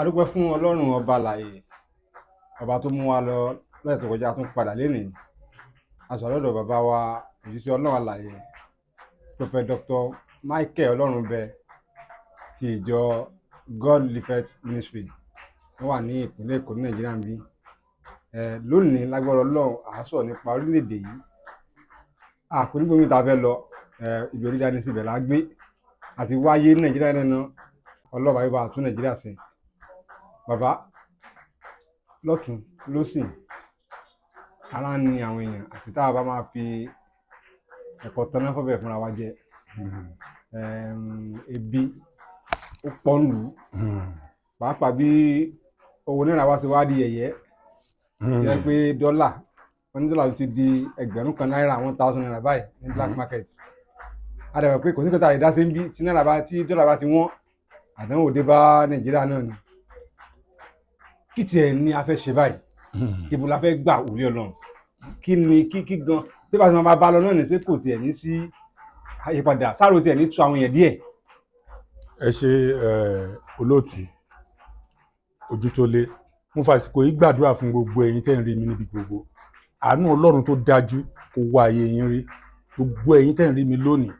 adúpẹ́ fún ọlọ́run ọba àlàyé ọba tó mú wa lọ lọ́sẹ̀ tó kọjá tún padà lénìí aṣọ́lọ́dọ̀ bàbá wa òjíṣẹ́ ọlọ́run àlàyé prọfẹ̀ dr michael ọlọ́runbẹ ti ìjọ god lifet ministry tó wà ní ìpínlẹ̀ èkó ní nàìjíríà ń bí lónìí lágbára ọlọ́run àásọ̀ nípa orílẹ̀-èdè yìí àpèjúgbòmí tá fẹ́ lọ ibi orí dání síbẹ̀ la gbé àti wáyé nàìjíríà náà ná ọlọ́ba yóò bá tún nàìjíríà ṣe bàbá lọ́tún lọ́sìn ara ń ni àwọn èèyàn àti tá a bá máa fi ẹ̀kọ́ taná fọ́bẹ̀ fúnra wa jẹ ebi ó pọ̀ ń lù ú pàápàá bí owó náírà wá sí wá di yẹ̀yẹ́ jẹ́ pé dọ́là wọ́n ní dọ́là ti di ẹgbẹ̀rún kan náírà one thousand naira báyìí ní black market. Mm -hmm adàbọ̀ pé kò sí kọ́tà ìdásí ń bí tí náírà bá tí dọ́là bá ti wọ́n àdánwò dé bá nàìjíríà náà ni kí tiẹ̀ ni a fẹ́ ṣe báyìí hmm. ibo la fẹ́ gbà wúlé ọlọ́run kí ni kí kí gan tí bá ti máa bá lọ náà ní sí kò tiẹ̀ ní sí àyípadà sáró tiẹ̀ ní tu àwọn èèyàn díẹ̀. ẹ ṣe olóòtú ojú tó lé mo fàsìkò yìí gbàdúrà fún gbogbo ẹ̀yin tẹ́ ń rí mi níbi gbogbo àánú ọlọ́run tó dájú kó wá ayé yín rí gbogbo ẹ̀yin tẹ́ ń rí mi lónìí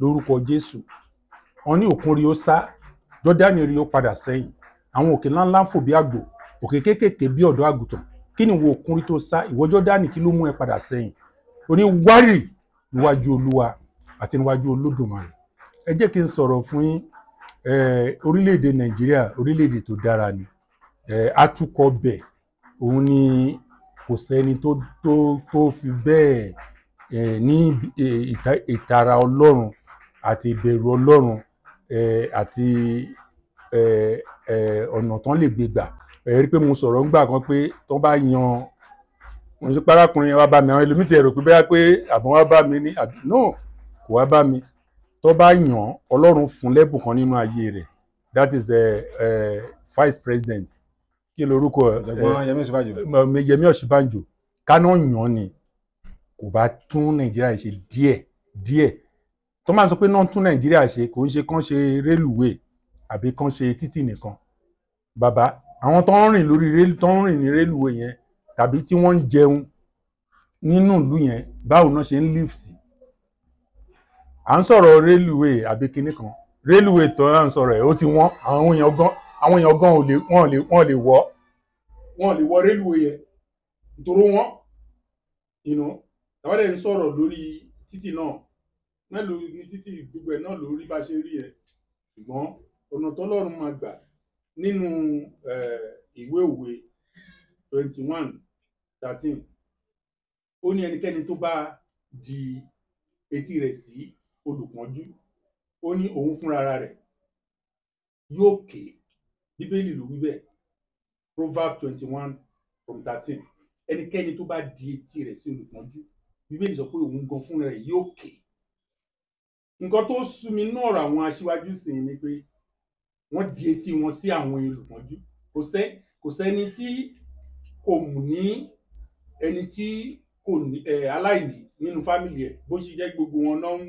lórúkọ Jésù wọn ní òkun rí ó sá Jọ́dánì rí ó padà sẹ́yìn àwọn òkè ńláńlá fò bí àgbò òkè kéékèèké bí ọ̀dọ́ àgùntàn kí ni wo òkun rí tó sá ìwọ Jọ́dánì kí ló mú ẹ padà sẹ́yìn oní wárìrì níwájú Olúwa àti níwájú Olódùmarè ẹ jẹ́ kí n sọ̀rọ̀ fún yín orílẹ̀-èdè Nàìjíríà orílẹ̀-èdè tó dára ni atukọ̀ bẹ̀ òun ni kò sẹ́ni tó fi bẹ́ẹ̀ ní ìtara Ọlọ́run àti ìbẹ̀rù ọlọ́run àti ọ̀nà tán lè gbé gbà ẹ̀rí pé mo sọ̀rọ̀ ńgbà kan pé tán bá yan mo ní parákùnrin wa bá mi àwọn ẹlòmíì ti ẹ̀rọ pé bẹ́ẹ̀ pé àbọ̀ wa bá mi ní àbí náà kò wá bá mi tó bá yàn ọlọ́run fún lẹ́bùn kan nínú ayé rẹ̀ that is the vice president kí lorúkọ Yẹmí Ọ̀ṣínbàjò káná yàn ni kò bá tún Nàìjíríà ṣe díẹ̀ díẹ̀ tó máa ń sọ pé náà tún nàìjíríà ṣe kò ń ṣe kán ṣe rélùwéè àbí kán ṣe títì nìkan bàbá àwọn tó ń rìn lórí tó ń rìn ní rélùwéè yẹn tàbí tí wọ́n ń jẹun nínú ìlú yẹn báwo náà ṣe ń live sí à ń sọ̀rọ̀ rélùwéè àbí kinní kan rélùwéè tó ń sọ̀rọ̀ ẹ̀ ó ti wọ́n àwọn èèyàn gan àwọn èèyàn gan wọ́n lè wọ́n lè wọ́ wọ́n lè wọ́ rélùwéè yẹn nítorí wọ́n ìnú tàbí mélòó ni títí gbogbo ẹ̀ náà ló rí bá ṣe rí ẹ ṣùgbọ́n ọ̀nà tọ́lọ́run máa gbà nínú ìwé òwe twenty one thirteen ó ní ẹnikẹ́ni tó bá di etí rẹ̀ sí olùpọ́njú ó ní òun fúnra rẹ̀ yóò ké bíbélì ló wí bẹ́ẹ̀ proverb twenty one from thirteen ẹnikẹ́ni tó bá di etí rẹ̀ sí olùpọ́njú bíbélì sọ pé òun gan fúnra rẹ̀ yóò ké nǹkan tó sú mi nú ọ̀rọ̀ àwọn aṣíwájú sì ni pé wọ́n di etí wọn sí àwọn olùpọ́njú kò sẹ́ kò sẹ́ni tí kò mú ní ẹni tí kò ní aláìní nínú fámìlì ẹ̀ bó ṣe jẹ́ gbogbo wọn náà ń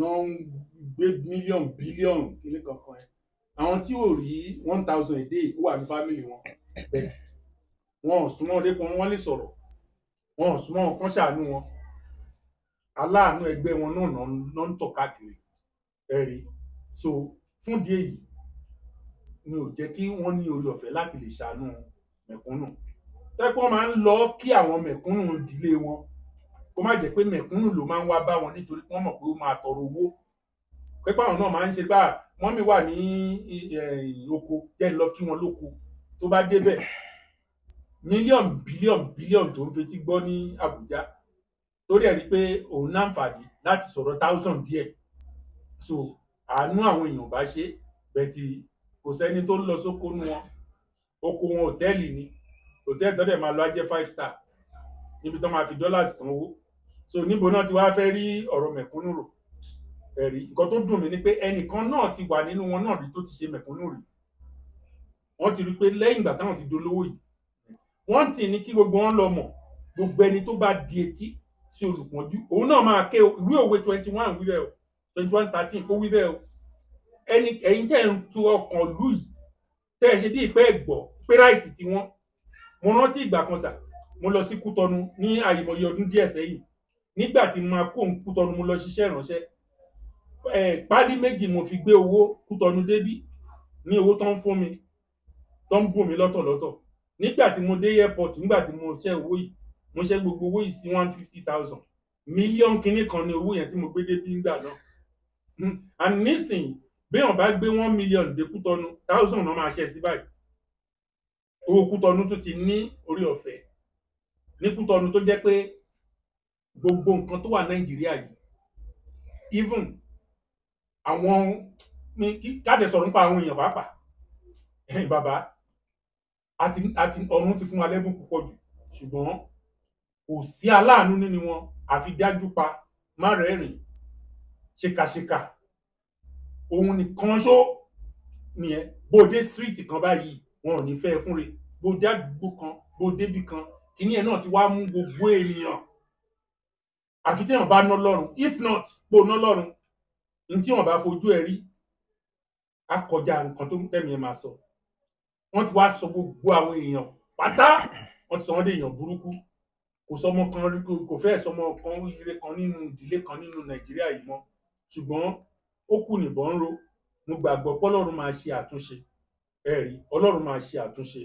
náà ń gbé mílíọ̀nù bílíọ̀nù kílé kankan ẹ̀ àwọn tí ò rí one thousand a day ó wà ní fámìlì wọn bẹ́ẹ̀ wọn ò súnmọ́ ọdẹ kan wọ́n lè sọ̀rọ̀ wọn ò súnmọ́ ọkàn ṣàánú wọn aláàánú ẹgbẹ́ wọn náà ló ń tọ̀ káàkiri ẹ̀rí so fún díẹ̀ yìí ni ò jẹ́ kí wọ́n ní orí ọ̀fẹ́ láti lè ṣàánú mẹ̀kúnnù tẹ́pọ́n máa ń lọ kí àwọn mẹ̀kúnnù ìdílé wọn kó má jẹ́ pé mẹ̀kúnnù ló máa ń wá bá wọn nítorí pé wọ́n mọ̀ pé ó máa tọrọ owó pẹ́pẹ́ àwọn náà máa ń ṣe bá ah, mọ́mì wà ní oko jẹ́ lọ kí wọn lóko tó bá débẹ̀ mílíọ̀nù bílíọ̀nù bílíọ̀nù tó ń fetí gbọ́ ní Àbújá torí ẹ̀ rí pé òun láǹfààní láti sọ̀rọ̀ thousand díẹ̀ so àánú àwọn èèyàn bá ṣe bẹ̀tì kò sẹ́ni tó ń lọ sóko nu wọn oko wọn hòtẹ́ẹ̀lì ni hòtẹ́ẹ̀lì tọ́dẹ̀ máa lọ á jẹ́ five star níbi tó máa fi dọ́là sanwó so níbo náà ti wá fẹ́ rí ọ̀rọ̀ mẹ̀kúnnù rò ẹ̀rí nǹkan tó dùn mí ni pé ẹnìkan náà ti wà nínú wọn náà rí tó ti ṣe mẹ̀kúnnù rí wọ́n ti rí pé lẹ́yìn ìgbà táwọn ti dolówó yìí wọ́n ti ní kí gbogbo wọn lọ mọ̀ gbogbo ẹni tó bá di etí sí olùpọ́njú òun náà máa ké ìwé òwe twenty one wí o twenty one thirteen ó wí o ẹni ẹ̀yin tẹ́ ń tu ọkàn lù yìí tẹ́ ẹ ṣe bí ìpẹ́ ẹ̀gbọ́ pé ráìsì tí wọ́n mo rántí ìgbà kan sà mo lọ sí Kútọ́nù ní àyèmọye ọdún díẹ̀ sẹ́yìn nígbà tí mo máa kó òun Kútọ́nù mo lọ ṣiṣẹ́ ìránṣẹ́ pálí méjì mo fi gbé owó Kútọ́nù débí ní owó tó ń fún mi tó ń bùn mi lọ́tọ̀lọ́tọ̀ nígbà tí mo dé airport nígbà tí mo ṣẹ́ owó yìí mo ṣe gbogbo owó yìí sí one fifty thousand mílíọ̀nù kínní kan ní owó yẹn tí mo gbé dé bí ńgbà náà hmm. and nísìnyí béèyàn bá gbé one million dé Kútọ́nù thousand náà máa ṣe sí báyìí owó Kútọ́nù tó ti ní orí ọ̀fẹ́ ní Kútọ́nù tó jẹ́ pé gbogbo nǹkan tó wà Nàìjíríà yìí even àwọn káàtẹ sọ̀rọ̀ nípa àwọn èèyàn pàápàá bàbá àti ọ̀run ti fún wa lẹ́bùn púpọ̀ jù ṣùgbọ́n kò sí aláàánú nínú wọn àfi dájú pa má rẹ́rìn ṣekàṣekà òun nìkan ṣó nìyẹn bó dé street kan báyìí wọn ò ní fẹ́ fún re bó dé àdúgbò kan bó débì kan kíní ẹ̀ náà ti wá mú gbogbo ènìyàn àfi téèyàn bá ná lọ́rùn if not bó ná lọ́rùn ní tí wọn bá fojú ẹ rí á kọjá nǹkan tó ń tẹ̀mí ẹ máa sọ wọn ti wá sọ gbogbo àwọn èèyàn pátá wọn ti sọ wọn dé èèyàn burúkú kò sọmọ kan kò fẹ́ sọmọ kan ire kan nínú ìdílé kan nínú nàìjíríà yìí mọ́ ṣùgbọ́n ó kù nìbọn ń ro mo gbàgbọ́ pọ́lọ́run máa ṣe àtúnṣe ẹ̀rí ọlọ́run máa ṣe àtúnṣe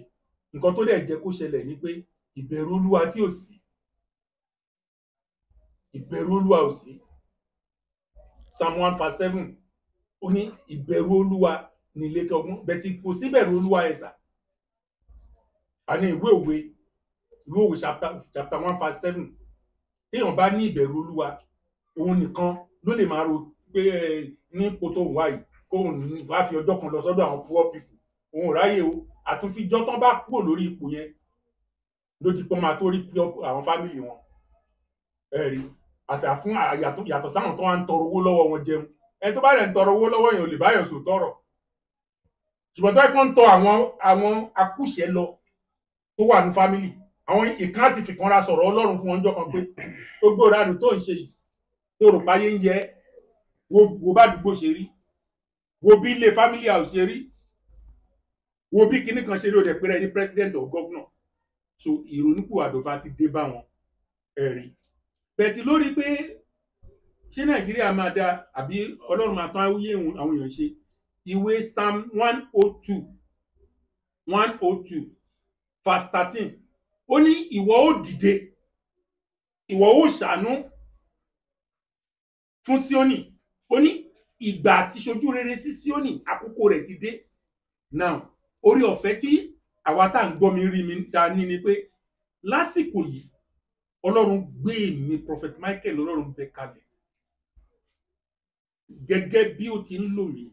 nǹkan tó dẹ̀ jẹ́ kó ṣẹlẹ̀ ni pé ìbẹ̀rù olúwa tí ò sí ìbẹ̀rù olúwa ò sí psalm one verse seven ó ní ìbẹ̀rù olúwa nílé kọgbọ́n bẹ́ẹ̀ tí kò síbẹ̀rù olúwa ẹ̀sà àní ìwé òwe lóòwò chapter one verse seven téèyàn bá ní ìbẹ̀rù olúwa òun nìkan ló lè máa ro pé ní ipò tó wà yìí kóun wá fi ọjọ́ kan lọ sọ́dọ̀ àwọn poor people òun ráyè o àtúnfijọ́ tán bá kúrò lórí ipò yẹn ló ti pọ́n máa tó rí àwọn fámìlì wọn ẹ̀rí àtàfún yàtọ̀ sáwọn tó wá ń tọrọ owó lọ́wọ́ wọn jẹun ẹni tó bá rẹ̀ ń tọrọ owó lọ́wọ́ yẹn ò lè báyọ̀ sò tọrọ ṣùgbọ́n tó ẹ̀kọ́ ń tọ àwọn àwọn akúṣẹ̀ lọ tó wà ní fámìlì àwọn ìkan àti fìkanra sọ̀rọ̀ ọlọ́run fún ọjọ́ kan pé gbogbo ìranù tó ń ṣe yìí tó rò páyé ń jẹ wo bá àdúgbò ṣe rí wo bí ilé family house ṣe rí wo bí kinní kan ṣe rí òde péré ní president or governor so ìrònúpìwàdò bá ti dé bá wọn ẹ̀rí bẹ̀tì lórí pé ṣé nàìjíríà máa da àbí ọlọ́run máa tán ayé àwọn èèyàn ṣe ìwé psalm one oh two one oh two verse thirteen ó ní ìwọ ó dìde ìwọ ó ṣàánú fún Síónì ó ní ìgbà àti ṣojú rere sí Síónì àkókò rẹ̀ ti dé now orí ọ̀fẹ́ tí àwa tá à ń mi rí mi ta ní ni pé lásìkò yìí Ọlọ́run gbé mi prophet Michael Ọlọ́run bẹ kalẹ̀ gẹ́gẹ́ bí ó ti ń lò mí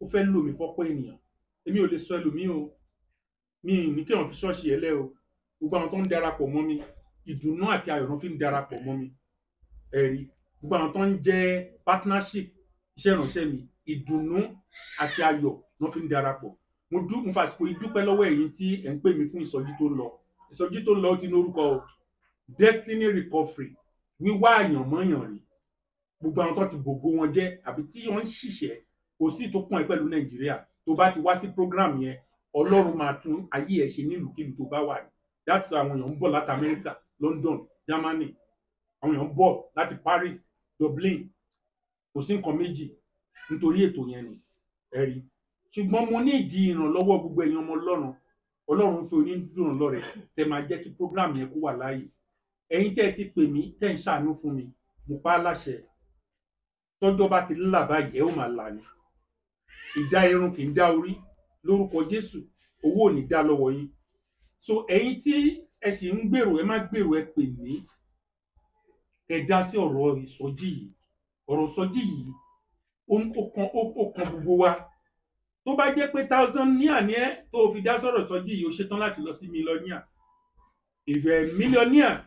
ó fẹ́ lò mí fọ́pọ̀ ènìyàn èmi ò lè sọ ẹlòmíì o mi ì ní kí wọn fi ṣọ́ọ̀ṣì ẹlẹ́ o gbogbo àwọn tó ń darapọ̀ mọ́ mi ìdùnnú àti ayọ̀ ló fi ń darapọ̀ mọ́ mi ẹ̀rí gbogbo àwọn tó ń jẹ́ partnership iṣẹ́ ìránṣẹ́ mi ìdùnnú àti ayọ̀ ló fi ń darapọ̀ mo dú mo fàsìkò ìdúpẹ́ lọ́wọ́ ẹ̀yin tí ẹ̀ ń pè mí fún ìsọjí tó ń lọ ìsọjí tó ń lọ ti ní destiny recovery wíwá àyànmọ́yàn rí gbogbo àwọn tó ti gbogbo wọn jẹ́ àbí tí wọ́n ń ṣiṣẹ́ kò sí tó kàn ẹ́ pẹ̀lú nàìjíríà tó bá ti wá sí program yẹn ọlọ́run máa tún ayé ẹ̀ ṣe nílùkulù tó bá wà ní that's àwọn èèyàn ń bọ̀ láti Amẹ́ríkà London Germany àwọn èèyàn ń bọ̀ láti Paris Dublin kò sí nǹkan méjì nítorí ètò yẹn ni ẹ̀rí ṣùgbọ́n mo ní ìdí ìrànlọ́wọ́ gbogbo ẹ̀yin ọmọ Ọlọ́run Ọlọ́run fi onídùúrùn lọ́rẹ̀ tẹ máa jẹ́ kí program yẹn kó wà láàyè ẹ̀yin tẹ́ ẹ ti pè mí tẹ́ ń ṣàánú fún mi mo pa á láṣẹ tọ́jọ́ bá ti là báyìí ẹ ó máa là ní ìdá irun kì í dá orí lórúkọ Jésù owó ò ní dá lọ́wọ́ yín so ẹ̀yin tí ẹ sì ń gbèrò ẹ má gbèrò ẹ pè mí ẹ dá sí ọ̀rọ̀ ìsọjí yìí ọ̀rọ̀ ìsọjí yìí ó kan gbogbo wa tó bá jẹ́ pé thousand ní àní ẹ tó o fi dá sọ̀rọ̀ ìsọjí yìí o ṣetán láti lọ sí mílíọ̀nìà if you are a millionaire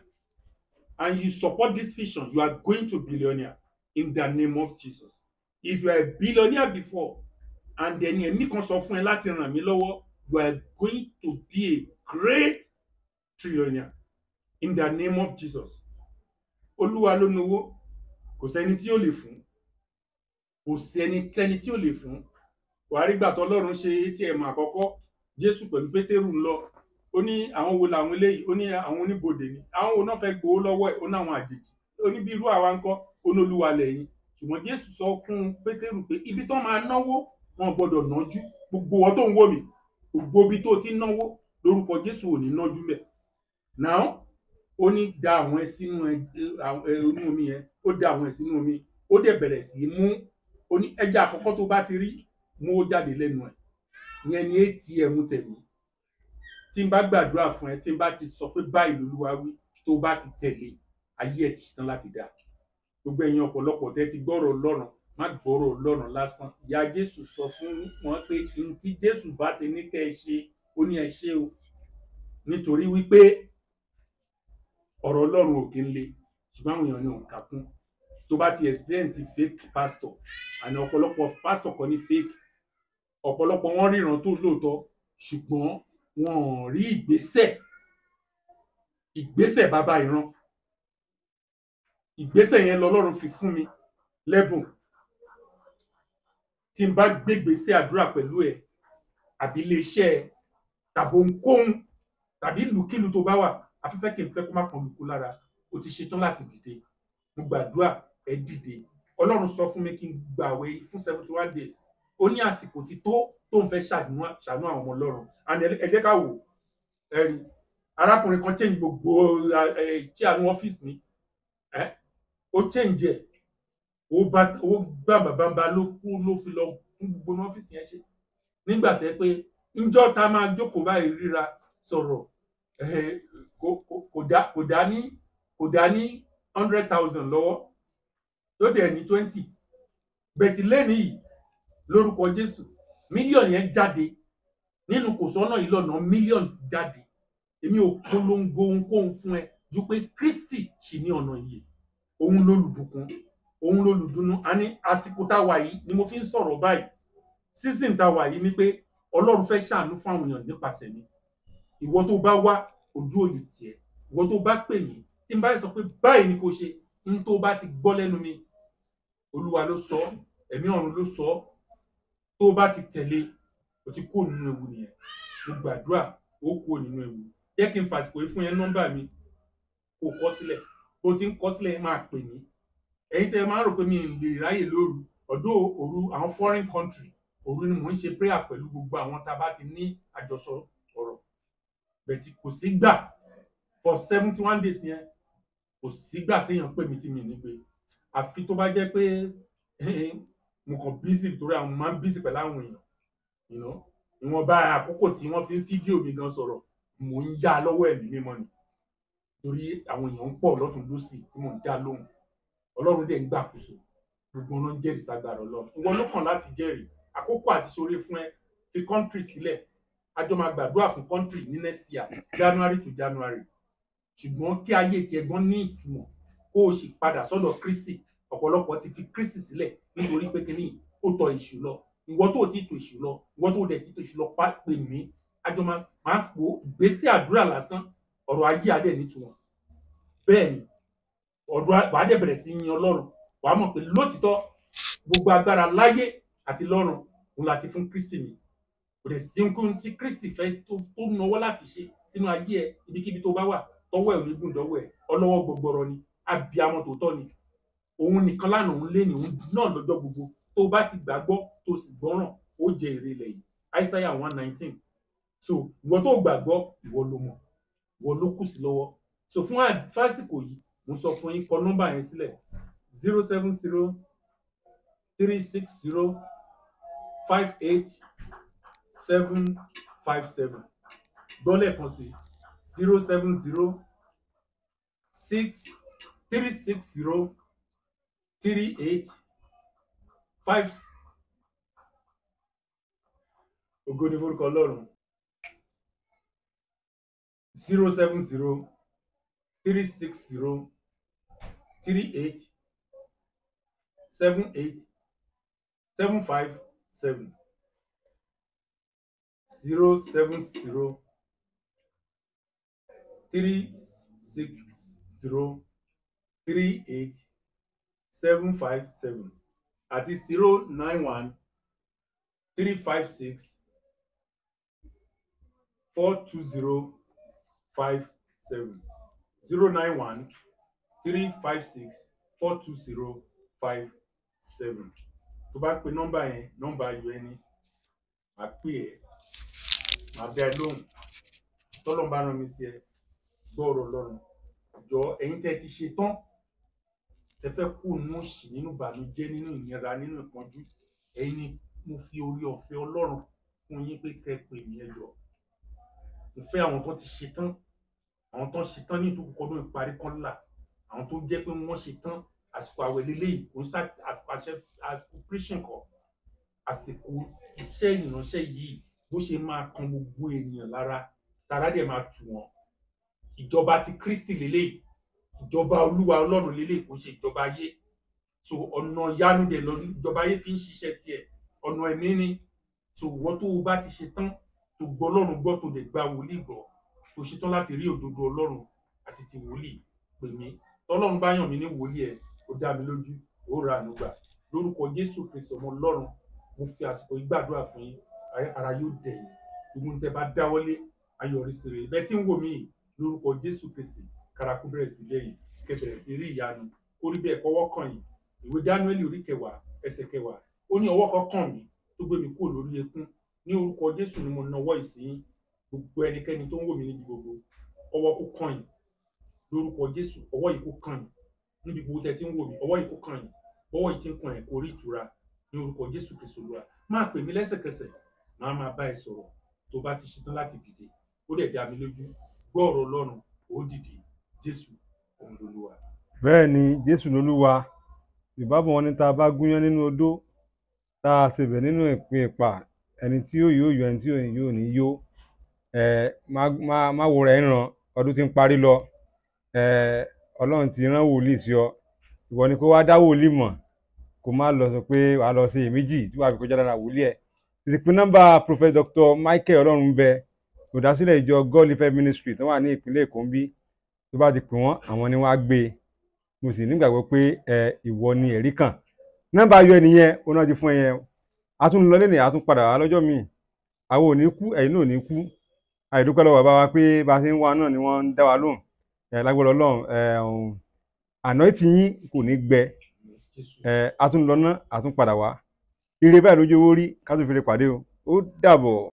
and you support this vision you are going to billionaire in the name of Jesus if you are a billionaire before and then ẹ̀mí kan sọ fún ẹ láti ràn mí lọ́wọ́ you are going to be a great trillionaire in the name of Jesus olúwa ló nowó kò sẹ́ni tí ó lè fún kò sẹ́nikẹ́ni tí ó lè fún wàárí gbàtọ Ọlọ́run ṣe atm àkọ́kọ́ Jésù pẹ̀lú Pétérù ń ó ní àwọn wo làwọn eléyìí ó ní àwọn oníbodè ni àwọn wo náà fẹ́ gbowó lọ́wọ́ ẹ̀ ó ní àwọn àjèjì ó ní bí irú àwa ń kọ́ ó ní olúwa lẹ́yìn ṣùgbọ́n Jésù sọ fún Pétérù pé ibi tó máa náwó wọn gbọ́dọ̀ nájú gbogbo wọn ń wò mí gbogbo ibi tó ti náwó lórúkọ jésù ò ní nájú mbẹ náà ó ní da àwọn ẹ sínú ẹnu omi yẹn ó da àwọn ẹ sínú omi ó dẹ̀ bẹ̀rẹ̀ sí í mú ó ní ẹja àkọ́kọ́ tó bá ti rí mú ó jáde lẹ́nu ẹ̀ yẹn ni etí ẹmu tẹ̀mí tí n bá gbàdúrà fún ẹ tí n bá ti sọ pé báyìí lolúwa wí tó bá ti tẹ̀lé ayé ẹ ti ṣetán láti dáa gbogbo ẹ̀yin ọ̀pọ̀lọpọ̀ tẹ́ ti gbọ́rọ̀ ọlọ́run má gbọ́rọ̀ ọlọ́run lásán ìyá jésù sọ fún wọn pé n jésù bá ti ní kẹ́ ẹ ṣe ó ní ẹ o nítorí wípé ọ̀rọ̀ ọlọ́run ò kí ń le ṣùgbọ́n àwọn èèyàn ni ò ń kà kún tó bá ti experience fake pastor àní ọ̀pọ̀lọpọ̀ pastor kan ní fake ọ̀pọ̀lọpọ̀ wọn ríran tó lóòótọ́ ṣùgbọ́n wọn ò rí ìgbésẹ̀ ìgbésẹ̀ bàbá ìran ìgbésẹ̀ yẹn lọ́lọ́run fi fún mi lẹ́bùn tí n bá gbégbèsè àdúrà pẹ̀lú ẹ̀ àbí iléeṣẹ́ tàbí ohunkóhun tàbí ìlúkílù tó bá wà afẹ́fẹ́ kì í fẹ́ kó má pọn lùkú lára o ti ṣetán láti dìde mo gbàdúrà ẹ dìde ọlọ́run sọ fún mi kí n gbàwé fún seventy one days ó ní àsìkò tí tó tó ń fẹ́ ṣàánú àwọn ọmọ ọlọ́run àmì ẹ jẹ́ ká wò ẹ̀rí arákùnrin kan change gbogbo tí àwọn ọ́fíìsì ni ó change ẹ̀ ó gbà bàbá ló kú ló fi lọ fún gbogbo ọ́fíìsì yẹn ṣe nígbà tẹ́ pé njọ́ ta máa jókòó báyìí ríra sọ̀rọ̀ kò dá ní kò dá ní hundred thousand lọ́wọ́ tó tiẹ̀ ní twenty bẹ̀tì lẹ́nu yìí lórúkọ Jésù mílíọ̀nù yẹn jáde nínú kò sọ́nà ìlọ́nà mílíọ̀nù ti jáde èmi ò polongo ohunkóhun fún ẹ ju pé Kristi ṣì ní ọ̀nà yìí òun lólùbùkún òun lólùdùnnú àní àsìkò tá a wà yìí ni mo fi ń sọ̀rọ̀ báyìí season tá a wà yìí ni pé ọlọ́run fẹ́ ṣàánú fún àwọn èèyàn nípasẹ̀ mi ìwọ tó bá wá ojú òlì tiẹ̀ ìwọ tó bá pè mí tí n bá sọ pé báyìí ni kò ṣe n tó bá ti gbọ́ lẹ́nu mi olúwa ló sọ ẹ̀mí ọ̀run ló sọ tó bá ti tẹ̀lé o ti kúrò nínú ewu nìyẹn mo gbàdúrà ó kúrò nínú ewu jẹ́ kí n fàsìkò yìí fún yẹn nọ́mbà mi kò kọ sílẹ̀ bó ti ń kọ sílẹ̀ máa pè mí ẹ̀yin tẹ́ máa rò pé mi ì lè ráyè lóru ọ̀dọ̀ òru àwọn foreign country òru ni mò ń ṣe prayer pẹ̀lú gbogbo àwọn tá a bá ti ní àjọsọ ọ̀rọ̀ bẹ̀tì kò sí gbà for seventy one days yẹn kò sígbà téèyàn pè mí tí mi ní pé àfi tó bá jẹ́ pé eh, mo kàn bísí torí àwọn máa ń bísí pẹ̀lú àwọn èèyàn ìwọ̀nba àkókò tí wọ́n fi ń fídíò mi gan sọ̀rọ̀ mò ń yá lọ́wọ́ ẹ̀mí mímọ́ ni torí àwọn èèyàn ń pọ̀ lọ́tún lọ́sì tí mò ń dá lóhùn ọlọ́run dẹ̀ ń gbàkóso gbogbo ọ̀nà ń jẹ́rìí ságbára ọlọ́run ìwọ ló kàn láti jẹ́rìí àkókò àti ṣoore fún ẹ fi country sílẹ̀ àjọ máa gbàdúrà fún country ní next year january to january ṣùgbọ́n kí ayé tiẹ̀ gan ní ìtumọ̀ kó o sì padà sọ́dọ̀ kristi ọ̀pọ̀lọpọ̀ ti fi kristi sílẹ̀ nítorí pé kínní ó tọ èṣù lọ ìwọ tó ti tò èṣù lọ ìwọ tó dẹ̀ ti tò èṣù lọ pa pè mí àjọ máa máa po ìgbésí àdúrà lásán ọ̀rọ̀ ayé adé nítumọ̀ bẹ́ẹ̀ ni ọ̀dọ̀ wàá dẹ̀ bẹ̀rẹ̀ sí yin ọlọ́run wàá mọ̀ pé lótìtọ́ gbogbo agbára láyé àti lọ́run òun láti fún Kristi mi kò dẹ̀ sí nǹkan tí Kristi fẹ́ tó náwó láti ṣe sínú ayé ẹ ibikíbi tó bá wà tọwọ́ ẹ̀ onígun dọ́wọ́ ẹ̀ ọlọ́wọ́ gbọgbọrọ ni abiyamọ tòótọ́ ni òun nìkan lánàá òun lé ní òun náà lọ́jọ́ gbogbo tó bá ti gbàgbọ́ tó sì gbọ́ràn ó jẹ èrè ilẹ̀ yìí Aísáyà one nineteen so ìwọ tó gbàgbọ́ ìwọ ló mọ̀ ìwọ ló kù sí lọ́wọ́ so fún àfásìkò yìí mo sọ fún yín kọ nọ́mbà yẹn sílẹ̀ zero seven zero three six zero five eight seven five seven gbọ́lẹ̀ kan sí zero seven zero six three six zero three eight five ògo ni forúkọ ọlọ́run zero seven zero three six zero three eight seven eight seven five seven zero seven zero three six zero three eight seven five seven àti zero nine one three five six four two zero five seven zero nine one three five six four two zero five seven tó bá pe nọ́mbà yẹn nọ́mbà ayọ̀ ẹni màá pè ẹ́ màá bẹ ẹ lóhùn tọ́lọ́n bá rán mi sí ẹ gbọ́ ọ̀rọ̀ Ọlọ́run jọ ẹ̀yin tẹ́ ti ṣe tán tẹ́ fẹ́ kú nínú òṣì nínú ìbànújẹ́ nínú ìnira nínú ìpọ́njú ẹ̀yin ni mo fi orí ọ̀fẹ́ Ọlọ́run fún yín pé kẹ́ pè mí ẹ jọ mo fẹ́ àwọn tó ti ṣe tán àwọn tó ṣe tán ní ìtòkùkọ́dún ìparí kan là àwọn tó jẹ́ pé wọ́n ṣe tán àsìkò àwẹ̀ lélẹ́yìí kò ń àsìkò àṣẹ àsìkò christian kọ àsìkò iṣẹ́ ìránṣẹ́ yìí bó ṣe máa kan gbogbo ènìyàn lára tara dẹ̀ máa tù wọ́n ìjọba ti kristi lélẹ́yìí ìjọba olúwa ọlọ́run lélẹ́yìí kò ń ṣe ìjọba ayé so ọ̀nà ìyanu dẹ̀ lọ ìjọba ayé fi ń ṣiṣẹ́ tiẹ̀ ọ̀nà ẹ̀mí ni so wọ́n tó o bá ti ṣe tán tó gbọ́ ọlọ́run gbọ́ tó dẹ̀ gba wòlíì gbọ́ tó ṣe tán láti rí òdodo ọlọ́run àti ti wòlíì pè mí tọ́lọ́run bá yàn mí ní wòlíì ẹ̀ dá mi lójú ó ra ànúgbà lórúkọ jésù kristu ọmọ ọlọ́run mo fi àsìkò ìgbàdúrà fún yín ara yóò dẹ̀ yín ogun tẹ bá dáwọ́lé ayọ̀rísí rẹ̀ ibẹ̀ tí ń wò mí lórúkọ jésù kristu karakú bẹ̀rẹ̀ sí lẹ́yìn kẹbẹ̀rẹ̀ sí rí ìyanu orí bẹ́ẹ̀ kọ́wọ́ kàn yín ìwé dáníẹ́lì orí kẹwàá ẹsẹ̀ kẹwàá ó ní ọwọ́ kan kàn tó gbé mi kúrò lórí ekún ní orúkọ jésù ni mo nawọ́ ìsìn gbogbo ẹnikẹ́ni tó ń wò mí níbi gbogbo ọwọ́ kó kàn lórúkọ jésù ọwọ́ yìí kó kàn níbi gbogbo tẹ̀ tí ń wò mí ọwọ́ yìí kó kàn yín ọwọ́ yìí tí ń kàn ẹ̀ kó rí ìtura ní orúkọ Jésù Kristu Olúwa máa pè mí lẹ́sẹ̀kẹsẹ̀ màá máa bá ẹ sọ̀rọ̀ tó bá ti ṣetán láti dìde ó dẹ̀ dá mi lójú gbọ́ Ọlọ́run ó dìde Jésù òun lolúwa. bẹ́ẹ̀ ni Jésù lolúwa ìbámu wọn ni tá a bá gúnyán nínú odó tá a ṣèbẹ̀ nínú ìpín ìpà ẹni tí yóò yóò yọ ẹni tí yóò ní yó ẹ má wòrán ẹ ń ràn ọdún tí ń parí lọ ẹ ọlọ́run ti rán wòlíì sí ọ ìwọ ni kó wá dá wòlíì mọ̀ kó má lọ sọ pé wàá lọ ṣe èméjì tí wàá fi kọjá lára wòlíì ẹ̀ tètè nọ́mbà Prophet Dr. Michael Ọlọ́runbẹ olùdásílẹ̀ ìjọ God Life Ministry tó wà ní ìpínlẹ̀ Èkó ń bí tó bá ti pè wọ́n àwọn ni wọ́n á gbé e mo sì nígbàgbọ́ pé ẹ ìwọ ni ẹ̀rí kàn nọ́mbà ayọ̀ ẹnìyẹn òun náà ti fún ẹ yẹn a tún padà wá lọ́jọ́ míì àwọn ò ní kú ẹ̀yin náà ò ní kú àìdúpẹ́ lọ́wọ́ bá wa pé bá a ṣe ń wá náà ni wọ́n ń dá wa lóhùn lágbára ọlọ́run àná tí yín kò ní gbẹ a tún lọ ná a wá ire báyìí lójú owó rí ká fi lè pàdé o ó dàbọ̀.